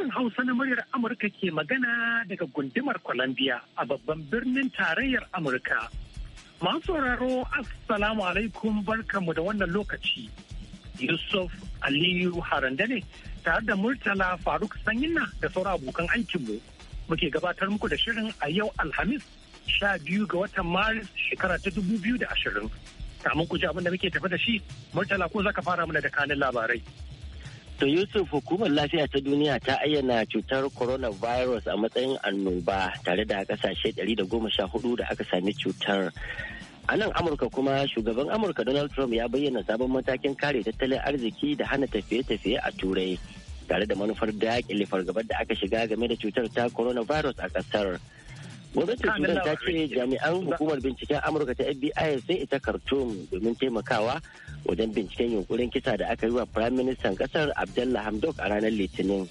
Sashen Hausa na muryar Amurka ke magana daga gundumar Columbia a babban birnin tarayyar Amurka. Masu sauraro Assalamu alaikum barkanmu da wannan lokaci. Yusuf Aliyu Haranda ne tare da Murtala Faruk Sanyina da sauran abokan aikinmu. Muke gabatar muku da shirin a yau Alhamis sha biyu ga watan Maris shekara ta dubu biyu da ashirin. Kamun ku ji abin da muke tafi da shi, Murtala ko zaka fara mana da kanin labarai. To Yusuf hukumar lafiya ta duniya ta ayyana cutar coronavirus a matsayin annoba tare da kasashe 114 da aka sami cutar. A nan Amurka kuma shugaban Amurka Donald Trump ya bayyana sabon matakin kare tattalin arziki da hana tafiye-tafiye a turai tare da manufar daƙile fargabar da aka shiga game da cutar ta coronavirus a ƙasar. Gwamnatin turai ta ce jami'an hukumar binciken Amurka ta FBI sai ita Khartoum domin taimakawa wajen binciken yunkurin kisa da aka yi wa Firayim Ministan kasar Abdullah Hamdok a ranar Litinin.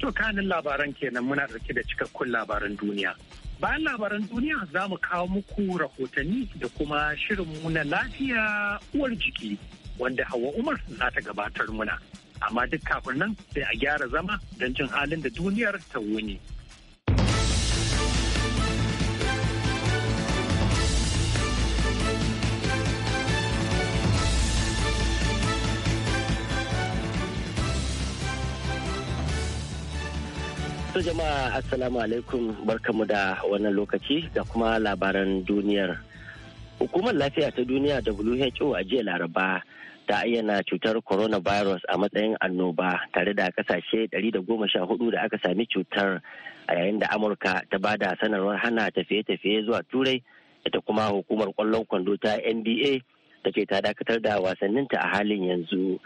To kanin labaran kenan muna dauke da cikakkun labaran duniya. Bayan labaran duniya za mu kawo muku rahotanni da kuma shirinmu na lafiya uwar jiki wanda Hawa Umar za ta gabatar muna. Amma duk kafin nan sai a gyara zama don jin halin da duniyar ta wuni. To jama'a assalamu alaikum barkamu da wannan lokaci da kuma labaran duniyar. Hukumar lafiya ta duniya WHO a jiya laraba ta ayyana cutar coronavirus a matsayin annoba tare da kasashe 114 da aka sami cutar a yayin da Amurka ta ba da sanarwar hana tafiye-tafiye zuwa turai ita kuma hukumar kwallon kwando ta NBA da ke ta dakatar da wasanninta a halin yanzu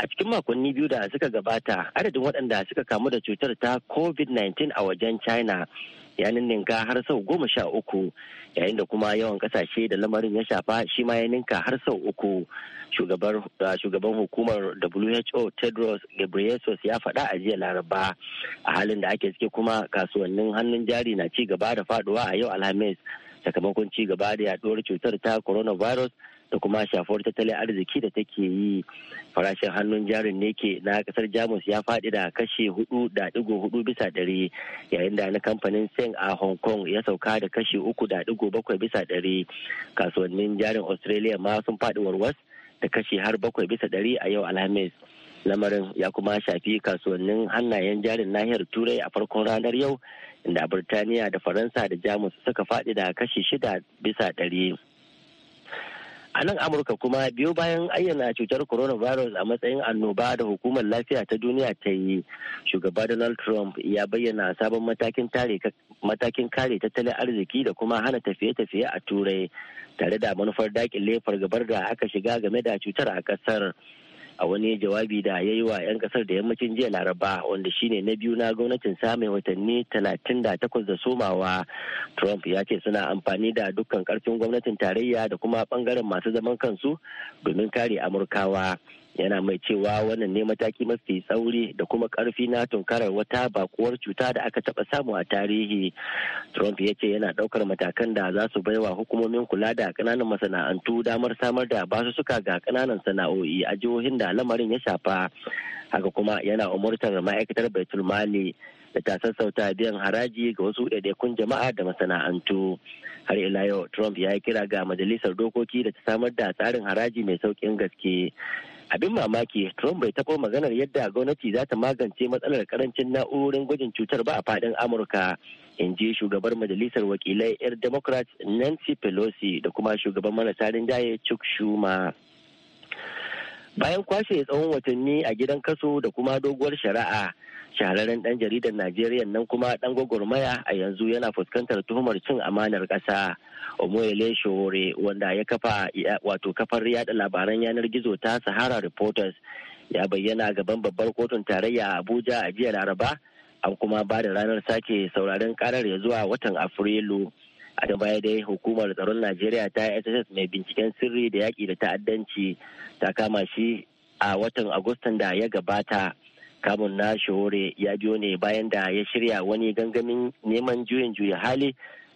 a cikin makonni biyu da suka gabata adadin waɗanda suka kamu da cutar ta covid-19 a wajen china ya ninka har sau goma sha uku yayin da kuma yawan kasashe da lamarin ya shafa shi ma ya ninka har sau uku uh, shugaban hukumar who tedros ghebreyesus ya faɗa a jiya laraba a halin da ake ciki kuma kasuwannin hannun jari na ci gaba da faduwa a yau alhamis sakamakon ci gaba da yaduwar cutar ta coronavirus da kuma shafuwar tattalin arziki da take yi farashin hannun jarin ne ke na kasar jamus ya faɗi da kashe hudu da digo hudu bisa ɗari yayin da na kamfanin seng a hong kong ya sauka da kashe uku da digo bakwai bisa ɗari kasuwannin jarin australia ma sun faɗi warwas da kashe har bakwai bisa ɗari a yau alhamis lamarin ya kuma shafi kasuwannin hannayen jarin nahiyar turai a farkon ranar yau inda birtaniya da faransa da jamus suka faɗi da kashi shida bisa ɗari a nan amurka kuma biyo bayan ayyana cutar coronavirus a matsayin annoba da hukumar lafiya ta duniya ta yi shugaba donald trump ya bayyana sabon matakin kare tattalin arziki da kuma hana tafiye-tafiye a turai tare da manufar daƙin lefar gabar da aka shiga game da cutar a ƙasar. a wani jawabi da ya yi wa 'yan kasar da yammacin jiya laraba wanda shine na biyu na gwamnatin mai watanni 38 da somawa trump ya ce suna amfani da dukkan karfin gwamnatin tarayya da kuma bangaren masu zaman kansu domin kare amurkawa yana mai cewa wannan ne mataki mafi tsauri da kuma karfi na tunkarar wata bakuwar cuta da aka taba samu a tarihi trump ya ce yana daukar matakan da za su baiwa hukumomin kula da kananan masana'antu damar samar da suka ga kananan sana'o'i a jihohin da lamarin ya shafa haka kuma yana umurtar ma'aikatar baitul mali da ta sassauta biyan haraji ga wasu ɗaiɗaikun jama'a da masana'antu har ila yau trump ya yi kira ga majalisar dokoki da ta samar da tsarin haraji mai sauƙin gaske abin mamaki trump bai taɓa maganar yadda gwamnati za ta magance matsalar karancin na'urorin gwajin cutar ba a faɗin amurka in ji shugabar majalisar wakilai 'yar democrat nancy pelosi da kuma shugaban marasa rinjaye chuck schumer bayan kwashe tsawon watanni a gidan kaso da kuma doguwar shari'a shahararren dan jaridar najeriya nan kuma dan gwagwarmaya a yanzu yana fuskantar tuhumar cin amanar ƙasa omoyele shore wanda ya kafa wato kafar yada labaran yanar gizo ta sahara reporters ya bayyana gaban babbar kotun tarayya abuja a jiya laraba an kuma ba da ranar sake sauraren karar ya zuwa watan afrilu a da baya dai hukumar tsaron najeriya ta yi sss mai binciken sirri da yaƙi da ta'addanci ta kama shi a watan agustan da ya gabata kamun na shahore ya biyo ne bayan da ya shirya wani gangamin neman juyin juya hali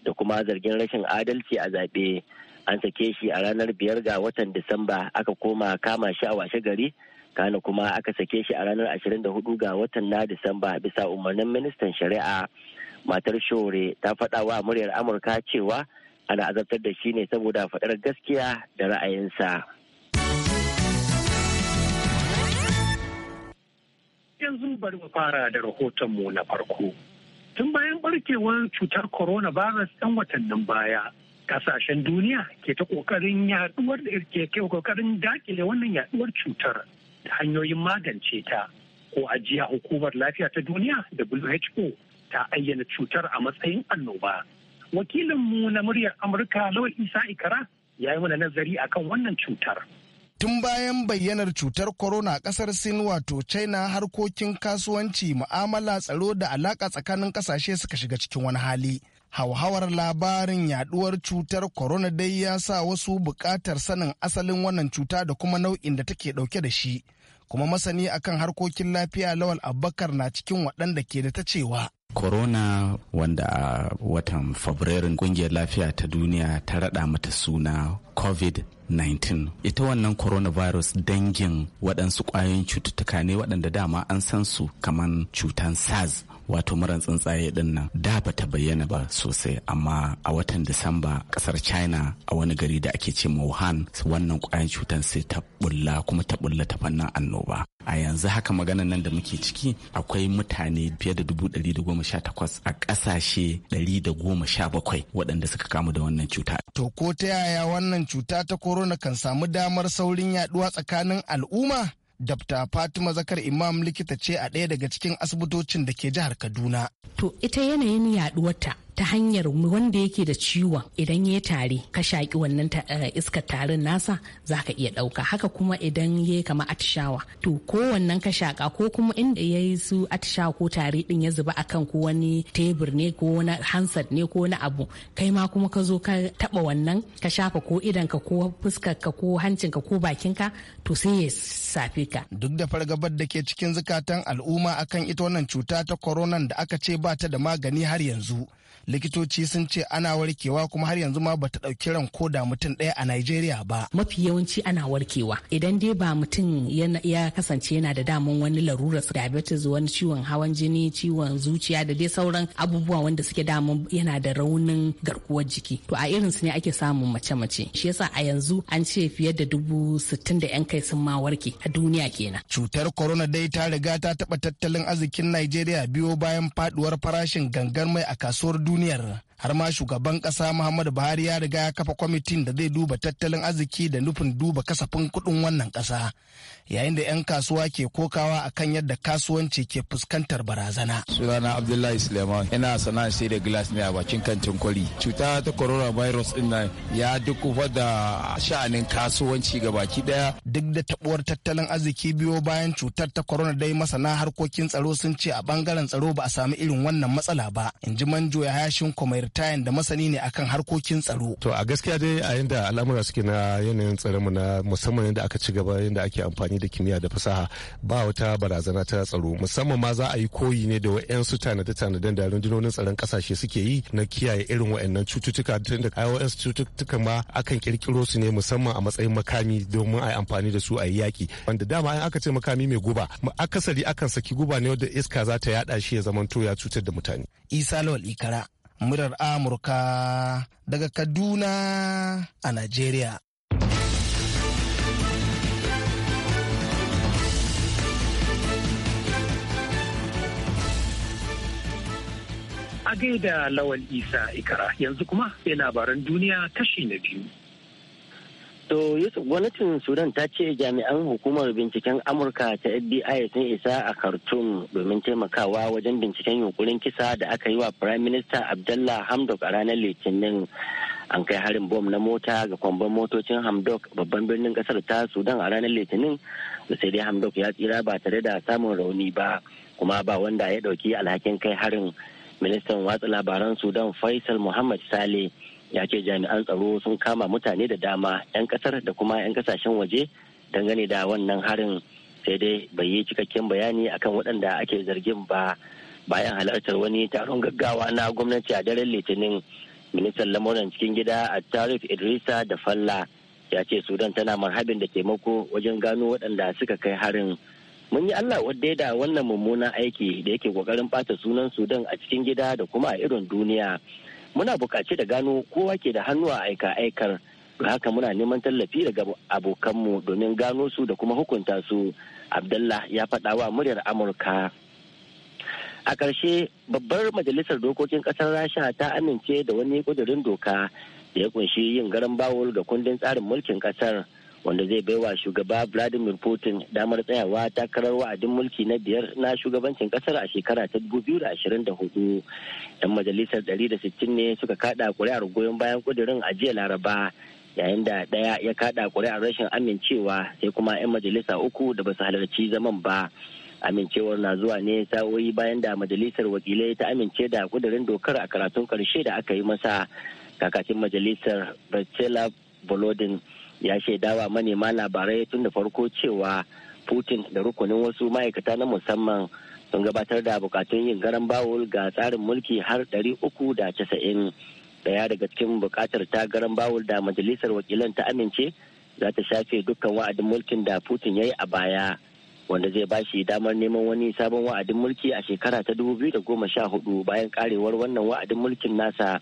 da kuma zargin rashin adalci a zaɓe an sake shi a ranar biyar ga watan disamba aka koma kama shi a washe gari kana kuma aka sake shi a ranar 24 ga watan na disamba bisa umarnin ministan shari'a matar shore ta faɗa wa muryar amurka cewa ana azabtar da shi ne saboda faɗar gaskiya da ra'ayinsa yanzu bari mu fara da rahotonmu na farko tun bayan barkewar cutar corona coronavirus ɗan watannin baya kasashen duniya ke ta kokarin yaduwar ke kokarin dakile wannan yaduwar cutar da hanyoyin magance ta ko ajiya hukumar lafiya ta duniya WHO ta ayyana cutar a matsayin annoba. Wakilinmu na muryar Amurka Lawal Isa Ikara ya yi mana nazari akan wannan cutar. Tun bayan bayyanar cutar corona kasar Sin wato China harkokin kasuwanci mu'amala tsaro da alaƙa tsakanin ƙasashe suka shiga cikin wani hali. hauhawar labarin yaduwar cutar corona dai ya sa wasu bukatar sanin asalin wannan cuta da kuma nau'in da take ɗauke da shi kuma masani akan harkokin lafiya lawal abbakar na cikin waɗanda ke da ta cewa corona wanda a watan fabrairun kungiyar lafiya ta duniya ta rada mata suna covid-19 ita wannan coronavirus dangin waɗansu ƙwayoyin cututtuka ne waɗanda dama an san su kamar cutan sars wato muran tsuntsaye din nan da bata bayyana ba sosai amma a watan disamba kasar china a wani gari da ake ce wuhan wannan kwayan cutar sai ta bulla kuma ta bulla ta fannin annoba a yanzu haka maganan nan da muke ciki akwai mutane fiye da dubu ɗari da goma sha takwas a ƙasashe ɗari da goma sha bakwai waɗanda suka kamu da wannan cuta. To ko ta yaya wannan cuta ta corona kan samu damar saurin yaɗuwa tsakanin al'umma? Dabta Fatima Zakar Imam likita ce a ɗaya daga cikin asibitocin da ke jihar Kaduna. To ita yanayin yaɗuwarta ta hanyar wanda yake da ciwon idan ya tare ka shaƙi wannan eh, iskar tarin nasa za ka iya ɗauka haka kuma idan ya kama atishawa to ko wannan ka shaƙa ko kuma inda ya yi su atishawa ko tare din ya zuba a kan ko wani tebur ne ko wani hansar ne ko wani abu kai ma kuma ka zo ka taɓa wannan ka shafa ko ka ko fuskarka ko hancinka ko bakinka to sai ya safe ka. Duk da fargabar da ke cikin zukatan al'umma akan ita wannan cuta ta koronan da aka ce ba ta da magani har yanzu. likitoci sun ce ana warkewa kuma har yanzu ma bata ɗauki ran ko da mutum ɗaya a Najeriya ba. Mafi yawanci ana warkewa idan dai ba mutum ya kasance yana da damun wani larurar diabetes wani ciwon hawan jini ciwon zuciya da dai sauran abubuwa wanda suke damun yana da raunin garkuwar jiki. To a irin su ne ake samun mace-mace. Shi yasa a yanzu an ce fiye da dubu sittin da 'yan kai sun ma warke a duniya kenan. Cutar corona dai ta riga ta taɓa tattalin arzikin Najeriya biyo bayan faduwar farashin gangar mai a kasuwar duniya. duniyar har ma shugaban kasa muhammadu buhari ya riga ya kafa kwamitin da zai duba tattalin arziki da nufin duba kasafin kuɗin wannan kasa yayin da 'yan kasuwa ke kokawa akan yadda kasuwanci ke fuskantar barazana sunana abdullahi suleiman ina sana'a sai da glass ne a bakin kantin kwari cuta ta virus din nan ya duk da sha'anin kasuwanci ga baki daya duk da tabuwar tattalin arziki biyo bayan cutar ta corona dai masana harkokin tsaro sun ce a bangaren tsaro ba a sami irin wannan matsala ba in ji manjo ya hayashin kuma tayan da masani ne akan harkokin tsaro. To a gaskiya dai a yanda al'amura suke na yanayin tsaronmu na musamman yadda aka ci gaba yadda ake amfani da kimiyya da fasaha ba wata barazana ta tsaro musamman ma za a yi koyi ne da wa'yansu tanade-tanaden da rundunonin tsaron kasashe suke yi na kiyaye irin wa'annan cututtuka tunda ios cututtuka ma akan kirkiro su ne musamman a matsayin makami domin a yi amfani da su a yi yaki wanda dama an aka ce makami mai guba akasari akan saki guba ne wanda iska za ta yada shi ya zamanto ya cutar da mutane. isa lawal ikara murar Amurka daga Kaduna a Najeriya. A gaida Lawal Isa Ikara yanzu kuma sai labaran duniya kashi na biyu. To Yusuf gwamnatin Sudan ta ce jami'an hukumar binciken Amurka ta FBI sun isa a Khartoum domin taimakawa wajen binciken yunkurin kisa da aka yi wa Prime Minister Abdullah Hamdok a ranar Litinin. An kai harin bom na mota ga kwamban motocin Hamdok babban birnin kasar ta Sudan a ranar Litinin da sai dai Hamdok ya tsira ba tare da samun rauni ba kuma ba wanda ya ɗauki alhakin kai harin. Ministan watsa labaran Sudan Faisal Muhammad Saleh ya ce jami'an tsaro sun kama mutane da dama 'yan kasar da kuma 'yan kasashen waje dangane da wannan harin sai dai bai yi cikakken bayani akan waɗanda ake zargin ba bayan halartar wani taron gaggawa na gwamnati a daren litinin ministan lamuran cikin gida a tarif idrisa da falla ya ce sudan tana marhabin da taimako wajen gano waɗanda suka kai harin mun yi allah wadda da wannan mummunan aiki da yake kokarin ɓata sunan sudan a cikin gida da kuma a irin duniya muna buƙaci da gano kowa ke da hannu a aika aikar da haka muna neman tallafi daga abokanmu domin gano su da kuma hukunta su abdullah ya faɗa wa muryar amurka a ƙarshe babbar majalisar dokokin ƙasar rasha ta amince da wani ƙudurin doka da ya kunshi yin garan bawul ga kundin tsarin mulkin ƙasar. wanda zai baiwa shugaba vladimir putin damar tsayawa takarar wa'adin mulki na biyar na shugabancin kasar a shekara ta 2024 'yan majalisar 160 ne suka kada kuri'ar goyon bayan kudirin a jiya laraba yayin da ɗaya ya kada kuri'ar rashin amincewa sai kuma 'yan majalisa uku da basu halarci zaman ba amincewar na zuwa ne sa'o'i bayan da majalisar wakilai ta amince da kudirin dokar a karatun karshe da aka yi masa kakakin majalisar Bertela Volodin ya shaidawa manema labarai tun da farko cewa putin da rukunin wasu ma'aikata na musamman sun gabatar da bukatun yin garan bawul ga tsarin mulki har uku da casa'in daya daga cikin bukatar ta garan bawul da majalisar wakilan ta amince za ta shafe dukkan wa'adin mulkin da putin ya yi a baya wanda zai ba shi damar neman wani sabon wa'adin mulki a shekara ta dubu biyu da goma sha hudu bayan karewar wannan wa'adin mulkin nasa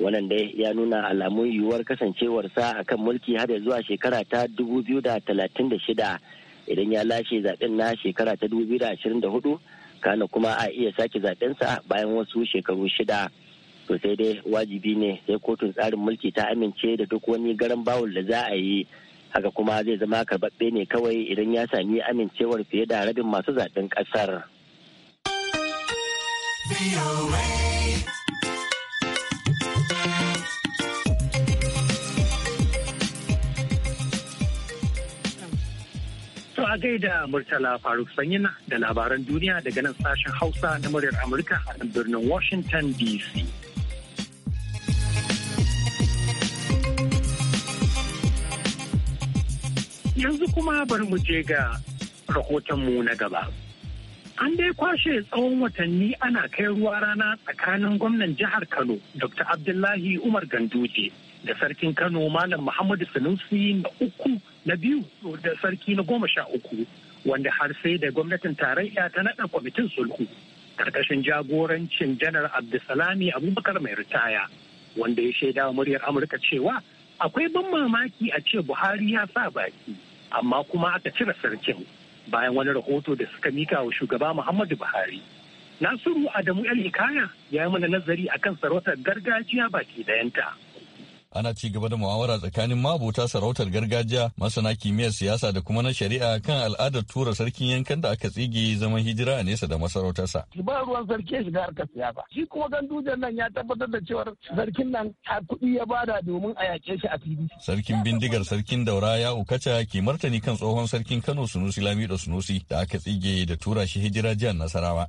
wannan dai ya nuna alamun yiwuwar kasancewarsa a kan mulki har zuwa shekara ta 2036 idan ya lashe zaben na shekara ta 2024 kana kuma a iya sake zaɓensa bayan wasu shekaru shida to sai dai wajibi ne sai kotun tsarin mulki ta amince da duk wani garan bawul da za a yi haka kuma zai zama karbabbe ne kawai idan ya sami amincewar fiye da rabin masu zaben ƙasar. a gaida Murtala Faruk Sanyina da labaran duniya daga nan sashen Hausa na muryar Amurka a nan birnin Washington DC. Yanzu kuma bari mu je ga rahotonmu na gaba. An dai kwashe tsawon watanni ana kai ruwa rana tsakanin gwamnan jihar Kano, Dr. Abdullahi Umar Ganduje, da sarkin Kano Malam Muhammadu Sanusi na uku na biyu da sarki na goma sha uku wanda har sai da gwamnatin tarayya ta naɗa kwamitin sulhu karkashin jagorancin janar abdulsalami abubakar mai ritaya wanda ya shaida wa muryar amurka cewa akwai ban mamaki a ce buhari ya sa baki amma kuma aka cire sarkin bayan wani rahoto da suka mika wa shugaba muhammadu buhari nasiru adamu el hikaya ya yi mana nazari akan sarautar gargajiya baki dayanta. ana ci gaba da mu'amala tsakanin mabuta sarautar gargajiya masana kimiyyar siyasa da kuma na shari'a kan al'adar tura sarkin yankan da aka tsige zaman hijira a nesa da masarautarsa. ba ruwan sarki shiga harkar siyasa shi kuma dujan nan ya tabbatar da cewar sarkin nan a kuɗi ya bada domin a yaƙe shi a fili. sarkin bindigar sarkin daura ya ukaca ke martani kan tsohon sarkin kano sunusi lamido sunusi da aka tsige da tura shi hijira jihar nasarawa.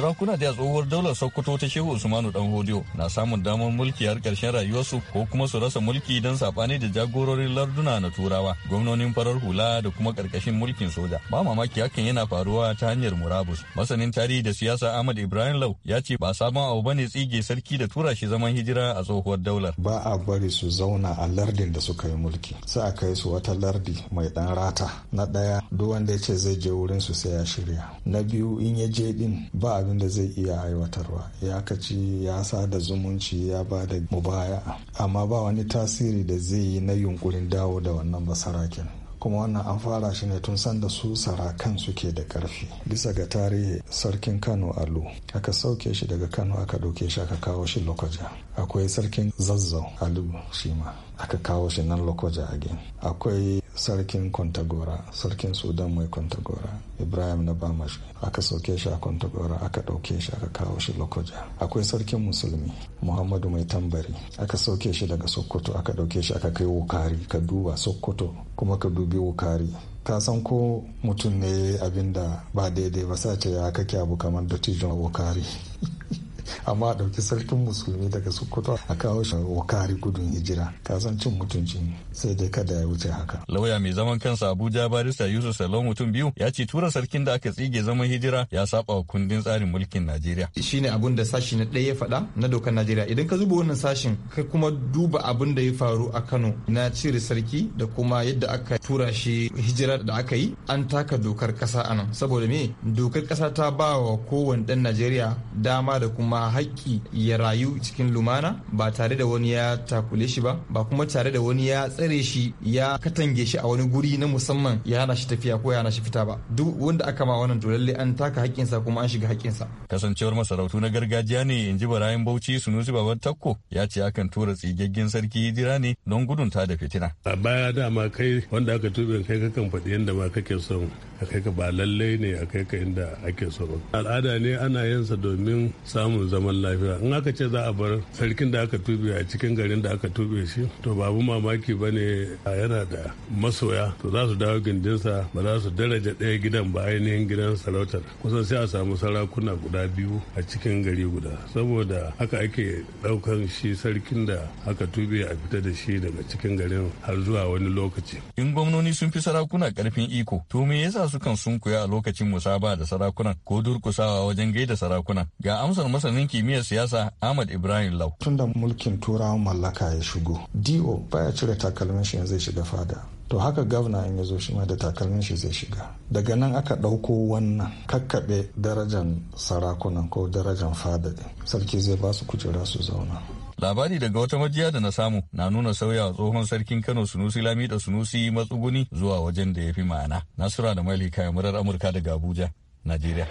sarakuna da tsohuwar daular sokoto ta shehu usmanu dan hodiyo na samun damar mulki har karshen rayuwarsu ko kuma su rasa mulki don sabani da jagororin larduna na turawa gwamnonin farar hula da kuma karkashin mulkin soja ba mamaki hakan yana faruwa ta hanyar murabus masanin tarihi da siyasa ahmad ibrahim lau ya ce ba sabon abu bane tsige sarki da tura shi zaman hijira a tsohuwar daular ba a bari su zauna a lardin da suka yi mulki sai a kai su wata lardi mai dan rata na daya duk wanda ya ce zai je wurin su sai ya shirya na biyu in ya je din ba abin da zai iya aiwatarwa ya kaci ya sa da zumunci ya ba da mubaya amma ba wani tasiri da zai yi na yunkurin dawo da wannan basarakin kuma wannan an fara shi ne tun sanda su sarakan suke da karfi bisa ga tarihi sarkin kano alu aka sauke shi daga kano aka ɗauke shi aka kawo shi lokaja akwai sarkin zazzau alu shi ma aka kawo shi nan lokaja again akwai sarkin kwantagora sarkin sudan mai kwantagora ibrahim na bamash aka sauke shi a kwantagora aka ɗauke shi aka kawo shi lokoja akwai sarkin musulmi muhammadu mai tambari aka sauke shi daga sokoto aka ɗauke shi aka kai wukari ka duba sokoto kuma ka dubi wukari ka san ko mutum ne abin da ba daidai ba sace ya kake abu kamar dattijon wukari amma a ɗauki sarkin musulmi daga sokoto a kawo shi wakari gudun hijira kasan cin mutunci sai dai kada ya wuce haka lauya mai zaman kansa abuja barista yusuf salon mutum biyu ya ce tura sarkin da aka tsige zaman hijira ya saba wa kundin tsarin mulkin najeriya shine abun da sashi na ɗaya ya faɗa na dokar najeriya idan ka zuba wannan sashin ka kuma duba abun da ya faru a kano na cire sarki da kuma yadda aka tura shi hijira da aka yi an taka dokar ƙasa anan saboda me dokar kasa ta ba wa kowane ɗan najeriya dama da kuma kuma haƙƙi ya rayu cikin lumana ba tare da wani ya takule shi ba ba kuma tare da wani ya tsare shi ya katange shi a wani guri na musamman ya hana shi tafiya ko ya hana shi fita ba duk wanda aka ma wannan to lalle an taka haƙƙinsa kuma an shiga haƙƙinsa kasancewar masarautu na gargajiya ne in ji barayin bauchi sunusi baban takko ya ce akan tura tsigaggen sarki hijira ne don gudun ta da fitina a baya dama kai wanda aka tube kai kakan faɗi yadda ma kake son a kai ka ba lallai ne a kai ka inda ake so al'ada ne ana yin sa domin samun zaman lafiya in aka ce za a bar sarkin da aka tube a cikin garin da aka tube shi to babu mamaki ba ne yana da masoya to za su dawo gindinsa ba za su daraja ɗaya gidan ba ainihin gidan sarautar kusan sai a samu sarakuna guda biyu a cikin gari guda saboda haka ake ɗaukan shi sarkin da aka tube a fita da shi daga cikin garin har zuwa wani lokaci in gwamnoni sun fi sarakuna karfin iko to me yasa sukan sunkuya a lokacin musaba da sarakunan ko durkusawa wajen gaida sarakunan ga amsar masanin masanin kimiyyar siyasa Ahmad Ibrahim Lau. Tun da mulkin turawan mallaka ya shigo, DO baya cire takalmin shi zai shiga fada. To haka gavna in ya zo shi ma da takalmin shi zai shiga. Daga nan aka ɗauko wannan kakkaɓe darajan sarakunan ko darajan fada ɗin. Sarki zai ba su kujera su zauna. labari daga wata majiya da na samu na nuna sauya tsohon sarkin kano sunusi lami da sunusi matsuguni zuwa wajen da ya fi ma'ana nasura da malika murar amurka daga abuja najeriya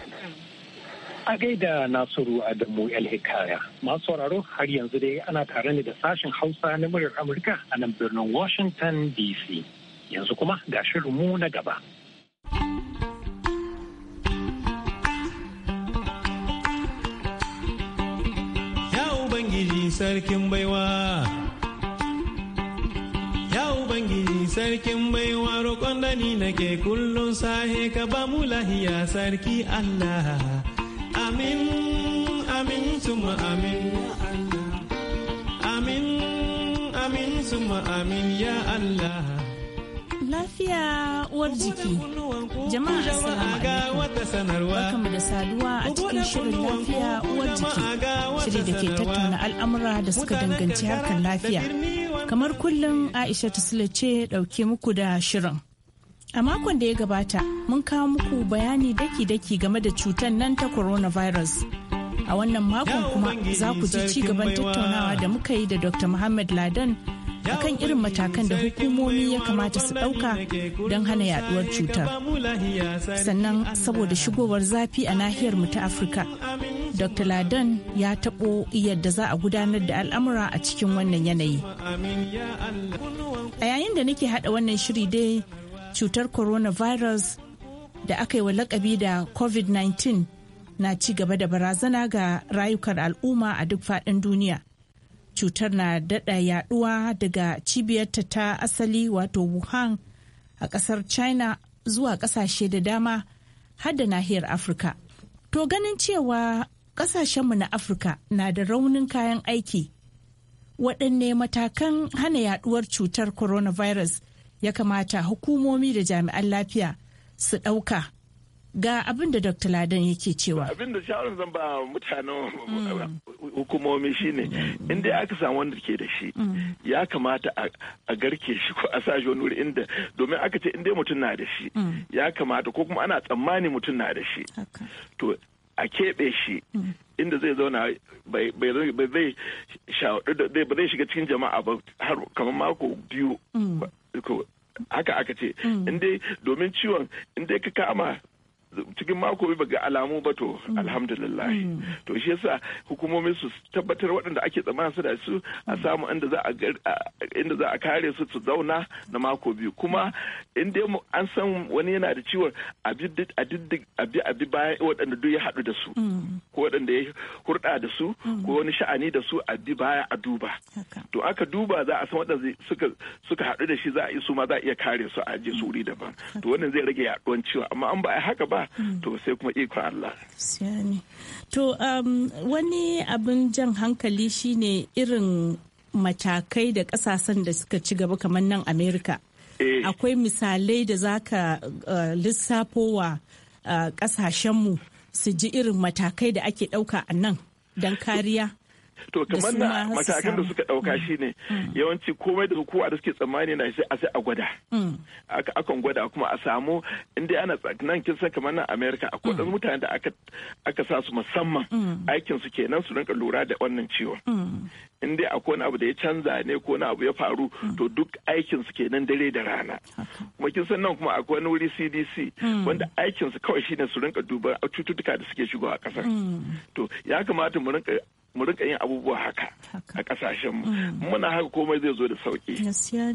A gaida Nasiru Adamu yal Hikaya. Masu sauraro har yanzu dai ana tare ne da sashen Hausa na muryar Amurka a nan birnin Washington DC. Yanzu kuma ga shirinmu na gaba. Ya Ubangiji sarkin baiwa. Ya Ubangiji sarkin baiwa roƙon da ni nake kullum sahe ka ba mu lahiya sarki Allah. amin amin suma amin amin amin suma amin ya Allah lafiya uwar jiki jama'a barkamu da saduwa a cikin shirin lafiya uwar jiki shiri da ke tattauna al'amura da suka danganci harkar lafiya kamar kullum aisha tusula ce dauke muku da shirin A makon da ya gabata, mun kawo muku bayani daki-daki game da cutar nan ta coronavirus. A wannan makon kuma za ku ji ci gaban tattaunawa da muka yi da Dr. Muhammad Ladan kan irin matakan da hukumomi ya kamata su ɗauka don hana yaduwar cutar. Sannan saboda shigowar zafi a nahiyar mu ta Afirka, Dr. Ladan ya taɓo yadda za a gudanar da al'amura a cikin wannan yanayi. A yayin da nake haɗa wannan shiri dai cutar coronavirus da aka yi wa lakabi da covid-19 na ci gaba da barazana ga rayukan al'umma a duk faɗin duniya cutar na daɗa yaɗuwa daga cibiyarta ta asali wato wuhan a ƙasar china zuwa ƙasashe da dama har da nahiyar afirka to ganin cewa ƙasashenmu na afirka na da raunin kayan aiki waɗanne matakan hana yaɗuwar cutar coronavirus ya kamata hukumomi da jami'an lafiya su ɗauka ga abin da dr ladan yake cewa abin da shawarar zan ba mutanen mm. hukumomi shine inda aka samu wanda ke da shi mm. ya kamata a garke shi ko a sashi wani wuri inda domin aka ce inda mutum na da shi mm. ya kamata ko kuma ana tsammani mutum na da shi to a keɓe shi inda zai zauna bai zai shawarar zai shiga cikin jama'a ba har kamar mako biyu haka aka ce mm. in dai domin ciwon in dai ka kama cikin mako ba ga alamu ba to alhamdulillah mm. to shi yasa hukumomi su tabbatar waɗanda ake tsammanin su da su a mm. samu inda za a inda za kare su su zauna na mako biyu kuma in dai an san wani yana da ciwon a bi a bi bayan waɗanda duk ya haɗu da su mm. ko waɗanda ya hurɗa da su ko wani sha'ani da su a baya a duba to aka duba za a san waɗanda suka suka haɗu da shi za a yi su ma za a iya kare su a je su wuri daban to wannan zai rage yaɗuwan ciwon amma an ba a haka ba Mm. to sai kuma ikon Allah. To um, wani abin jan hankali shine irin matakai da kasashen da suka ci gaba kamar nan Amerika. Eh. Akwai misalai da za ka uh, lissafowa kasashenmu uh, su ji irin matakai da ake ɗauka a nan don kariya to kamar na matakan da suka dauka mm. shine mm. yawanci komai da kowa da suke tsammani na shi a sai a gwada mm. akan gwada kuma a samu inda ana nan kin san kamar na America akwai dan mutane da aka aka sa su musamman aikin su kenan su rinka lura da wannan ciwon in dai akwai wani abu da ya canza ne ko wani abu ya faru to duk aikin su kenan dare da rana kuma kin san nan kuma akwai wani wuri CDC wanda aikin su kawai shine su rinka duba cututtuka da suke shigowa a kasar to ya kamata mu rinka mu rika yin abubuwa haka a kasashen mu mm. muna haka komai zai zo da sauki gaskiya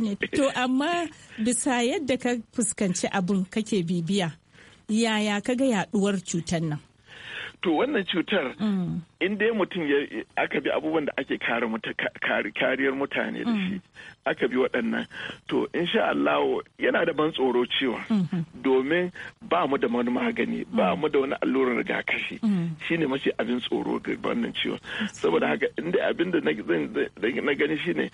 ne eh. to amma bisa yadda ka fuskanci abun kake bibiya yaya kaga yaduwar cutar nan to wannan cutar mm. in dai mutum ya aka bi abubuwan da ake kariyar mutane da shi mm. aka bi waɗannan to insha Allah yana da ban tsoro cewa mm-hmm. domin ba mu da wani magani ba mm. mu da wani allurar rigakafi shine mace abin tsoro ga wannan ciwon saboda haka inda abin da na gani shine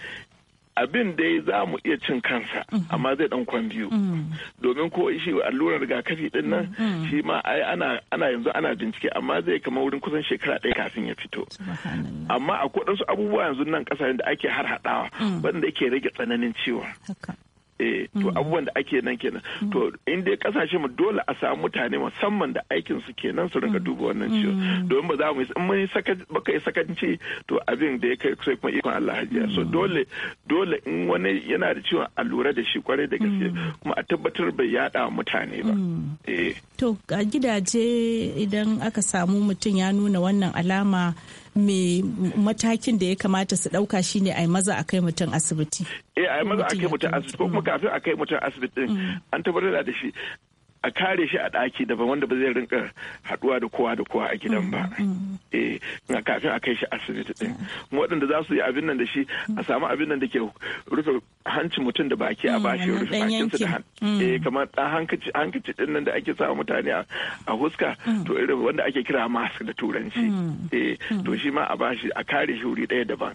abin dai za mu iya cin kansa mhm. amma zai dan kwan biyu mhm. domin ko shi allurar rigakafi din nan mhm. shi ma ana yanzu ana bincike amma zai kama wurin kusan shekara ɗaya kafin ya fito amma akwai kodansu abubuwa yanzu nan ƙasashen da ake har haɗawa wanda yake rage tsananin ciwon eh to mm. abubuwan da ake nan kenan mm. to in dai kasashe mu dole a samu mutane musamman da aikin su kenan su rinka mm. duba wannan ciwo domin ba za mu in mun saka baka yi sakanci to abin da ya kai sai kuma ikon Allah hajiya so dole dole in wani yana da ciwon a lura da shi kwarai da gaske kuma a tabbatar bai yada mutane ba eh to a gidaje idan aka samu mutum ya nuna wannan alama me matakin da ya kamata su ɗauka shine a yi maza a kai mutum asibiti. Eh a yi maza a kai mutum asibiti ko kuma kafin a kai mutum asibiti an tabbatar da shi a kare shi a ɗaki daban wanda ba zai rinka haɗuwa da kowa da kowa a gidan ba mm, mm, mm. eh kafin a kai shi asibiti din waɗanda za su yi abin nan da shi a samu abin nan da ke rufe hancin mutum da baki a bashi rufe bakinsa da eh kamar ɗan hankaci hankaci din nan da ake sa mutane a huska to irin wanda ake kira mask da turanci eh to shi ma a bashi a kare shi wuri ɗaya daban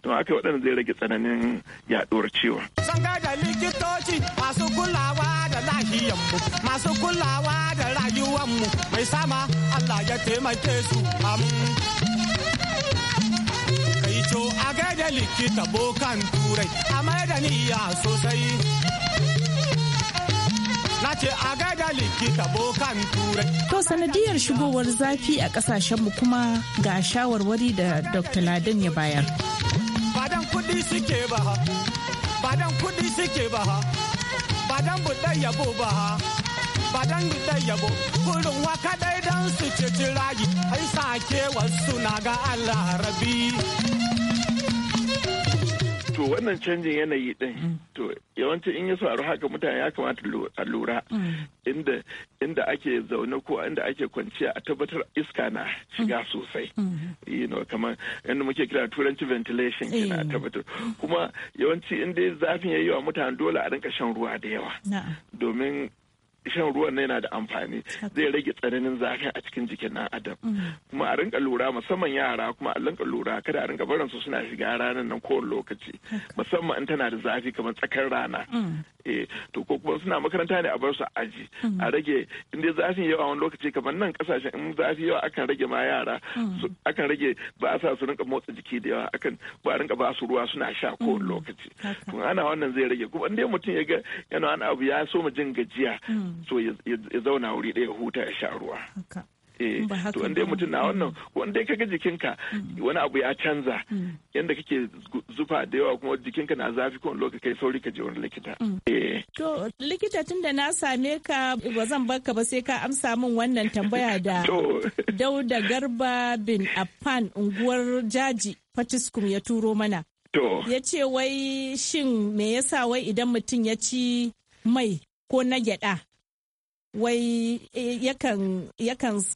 to haka waɗanda zai rage tsananin yaɗuwar ciwon. Sun da likitoci masu kulawa da lahiyanmu masu masu kulawa da rayuwanmu mai sama Allah ya taimake su kai co a gaida likita bokan turai a mai da niyya sosai na ce a gaida likita bokan turai to sanadiyar shigowar zafi a kasashenmu kuma ga shawarwari da dr Ladin ya bayar badan kudi suke ba badan kudi suke ba badan budan yabo ba ba dan da yabo kurin waka dai dan su ce tirayi ai sake wasu na ga Allah rabi to wannan canjin yanayi din to yawanci in ya faru haka mutane ya kamata a lura inda inda ake zaune ko inda ake kwanciya a tabbatar iska na shiga sosai you know kamar inda muke kira turanci ventilation kina eh. tabbatar kuma yawanci inda zafin yayi wa mutane dole a rinka shan ruwa da yawa domin shan ruwan na yana da amfani zai rage tsananin zafin a cikin jikin nan adam mm. kuma a rinka lura musamman yara kuma a rinka lura kada a rinka barin su suna shiga ranar nan kowane lokaci musamman in tana da zafi kamar tsakar rana mm. eh to ko kuma suna makaranta ne a bar su aji mm. a rage in dai zafin yawa wani lokaci kamar nan kasashen in zafi yawa akan rage ma yara akan rage ba a sa su rinka motsa jiki da yawa akan ba a rinka ba su ruwa suna sha kowane lokaci to ana wannan zai rage kuma in mutum ya ga yana wani abu ya so mu jin gajiya so ya zauna wuri ɗaya huta ya sha ruwa eh, to wanda ya mutum na wannan wanda ya kaga jikinka mm. wani abu ya canza mm. yadda kake zufa da yawa kuma jikinka na zafi kuma lokaci kai sauri ka je wani likita. Mm. Eh. To likita tun da na same ka ba zan barka ba sai ka amsa min wannan tambaya da Dauda Garba bin afan unguwar Jaji Fatiskum ya turo mana. Ya ce wai shin me yasa wai idan mutum ya ci mai ko na gyada wai eh, yakan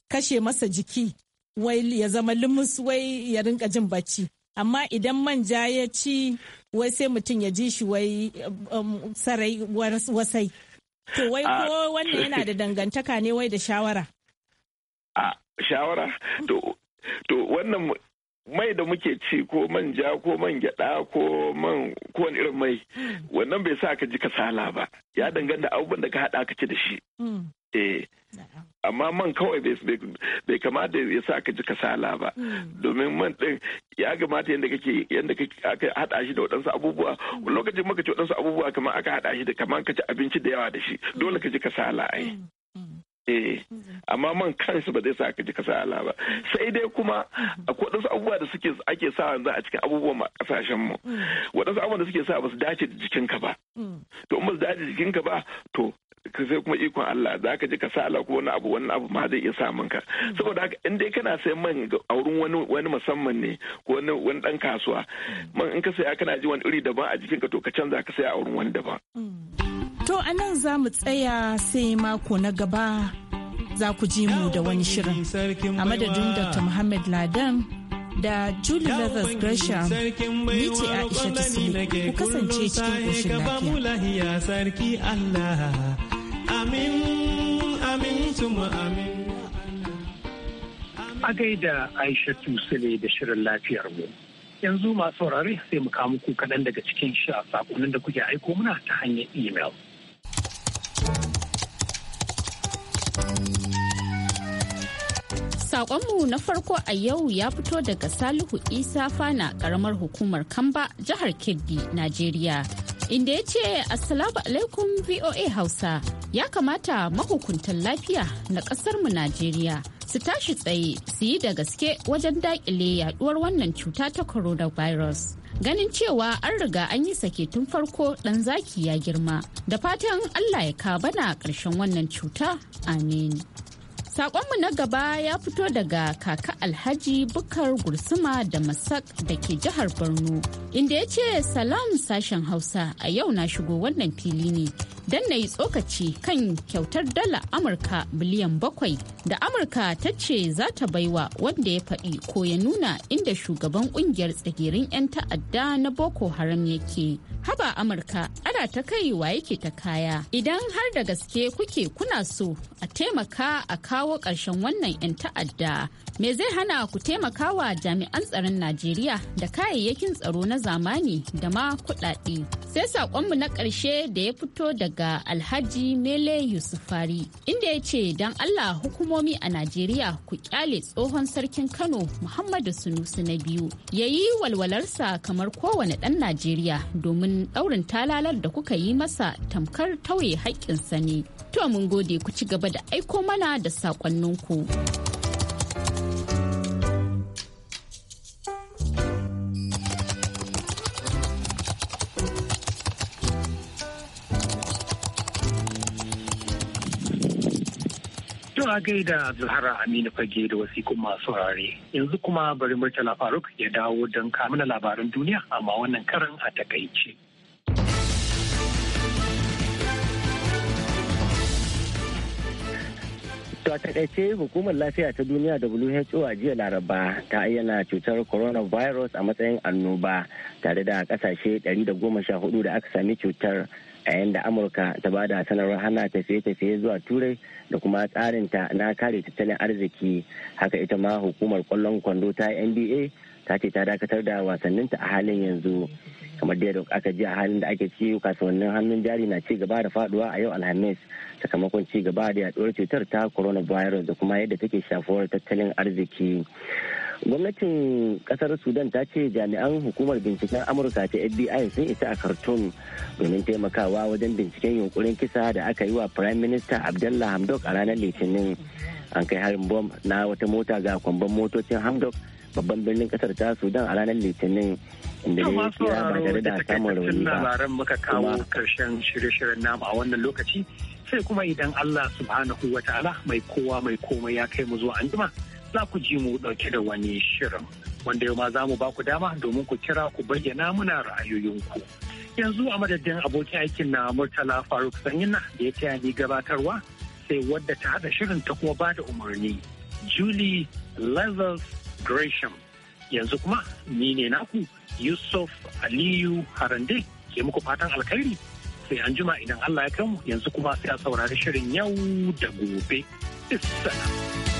kashe masa jiki wai ya zama lumus wai ya rinka jin bacci amma idan manja ya ci wai sai mutum ya ji shi wai um, um, sarai wasai to wai ah. ko wannan yana da dangantaka ne wai da shawara a ah, shawara to wannan mai da muke ci ko man ja ko man gyada ko man ko wani irin mai wannan bai sa ka ji kasala ba ya danganta abubuwan da ka hada ka ci da shi hmm. eh amma man kawai bai kamata ya sa ka ji kasala ba hmm. domin man din ya gamata yadda kake yadda aka hada shi da waɗansu abubuwa hmm. lokacin maka ci waɗansu abubuwa kamar aka hada shi da kamar ka ci abinci da yawa da shi dole ka ji kasala ai eh amma man kansu ba zai sa ka ji kasa ala ba sai dai kuma a wadansu abubuwa da suke ake sa wanzu a cikin abubuwan kasashen mu wadansu abubuwa da suke sa ba su dace da jikinka ba to in ba su dace da jikinka ba to ka sai kuma ikon Allah za ka ji ka sa ko wani abu wani abu ma zai iya samun ka saboda haka in dai kana sayan man a wurin wani wani musamman ne ko wani wani dan kasuwa man in ka saya kana ji wani iri daban a jikinka to ka canza ka saya a wurin wani daban To a nan za mu tsaya sai mako na gaba za ku ji mu da wani shirin. A madadin Dr. Muhammad Ladan da Julie Leathers Gresham ni ce Aisha ku kasance cikin ƙoshin lafiya. a gaida aisha sule da shirin lafiyar mu yanzu masu saurare sai mu kawo muku kaɗan daga cikin shi a saƙonin da kuke aiko muna ta hanyar imel. saƙonmu na farko a yau ya fito daga Salihu Isa Fana ƙaramar hukumar Kamba jihar Kebbi, Najeriya. Inda ya ce Assalamu alaikum VOA Hausa ya kamata mahukuntan lafiya na ƙasarmu Najeriya su tashi tsaye su yi da gaske wajen daƙile yaɗuwar wannan cuta ta coronavirus. ganin cewa an riga an yi sake tun farko dan zaki ya girma da fatan allah ya kabana ƙarshen wannan cuta amin Sakonmu na gaba ya fito daga kaka alhaji bukar gursuma da masak da ke jihar Borno, inda ya ce salam sashen Hausa a yau na shigo wannan fili ne don na yi tsokaci kan kyautar dala amurka biliyan bakwai da amurka ta ce za ta baiwa wanda ya faɗi ko ya nuna inda shugaban ƙungiyar tsagirin 'yan ta'adda na boko haram yake haba amurka ana ta kai wa yake ta kaya idan har da gaske kuke kuna so a taimaka a kawo ƙarshen wannan 'yan ta'adda me zai hana ku taimaka wa jami'an tsaron najeriya da kayayyakin tsaro na zamani da ma kuɗaɗe sai saƙonmu na ƙarshe da ya fito daga daga Alhaji Mele Yusufari inda ya ce don Allah hukumomi a Najeriya ku kyale tsohon sarkin Kano Muhammadu Sunusi na biyu ya yi walwalarsa kamar kowane ɗan Najeriya domin ɗaurin talalar da kuka yi masa tamkar tauye haƙƙinsa ne. To mun gode ku ci gaba da aiko mana da saƙonninku. gai gaida Zahra Aminu Fage da wasikun masu saurare Yanzu kuma bari Murtala Faruk ya dawo don kamuna labaran duniya amma wannan karan a takaice. To a takaice hukumar lafiya ta duniya WHO a jiya laraba ta ayyana cutar coronavirus a matsayin annoba tare da kasashe 114 da aka sami cutar. a yadda amurka ta ba da sanarwar hana tafiye-tafiye zuwa turai da kuma tsarin ta na kare tattalin arziki haka ita ma hukumar kwallon kwando ta nba ta ce ta dakatar da wasanninta a halin yanzu kamar da aka ji a halin da ake ci kasuwannin hannun jari na ci gaba da faduwa a yau alhamis sakamakon ci gaba da yaduwar cutar ta coronavirus da kuma yadda take shafuwar tattalin arziki gwamnatin kasar sudan ta ce jami'an hukumar binciken amurka ta fbi sun isa a khartoum domin taimakawa wajen binciken yunkurin kisa da aka yi wa prime minister abdullah hamdok a ranar litinin an kai harin bom na wata mota ga kwamban motocin hamdok babban birnin kasar ta sudan a ranar litinin inda ya kira ba tare da samun rauni ba a wannan lokaci sai kuma idan allah subhanahu wa ta'ala mai kowa mai komai ya kai mu zuwa anjima za ku ji mu ɗauke da wani shirin wanda yau ma za mu ba ku dama domin ku kira ku bayyana muna ra'ayoyinku. Yanzu a madadin abokin aikin na Murtala Faruk Sanyina da ya taya ni gabatarwa sai wadda ta haɗa shirin ta kuma ba da umarni. Julie Lazarus Gresham. Yanzu kuma ni ne naku Yusuf Aliyu Harande ke muku fatan alkhairi sai an juma idan Allah ya mu yanzu kuma sai a saurari shirin yau da gobe. Assalamu.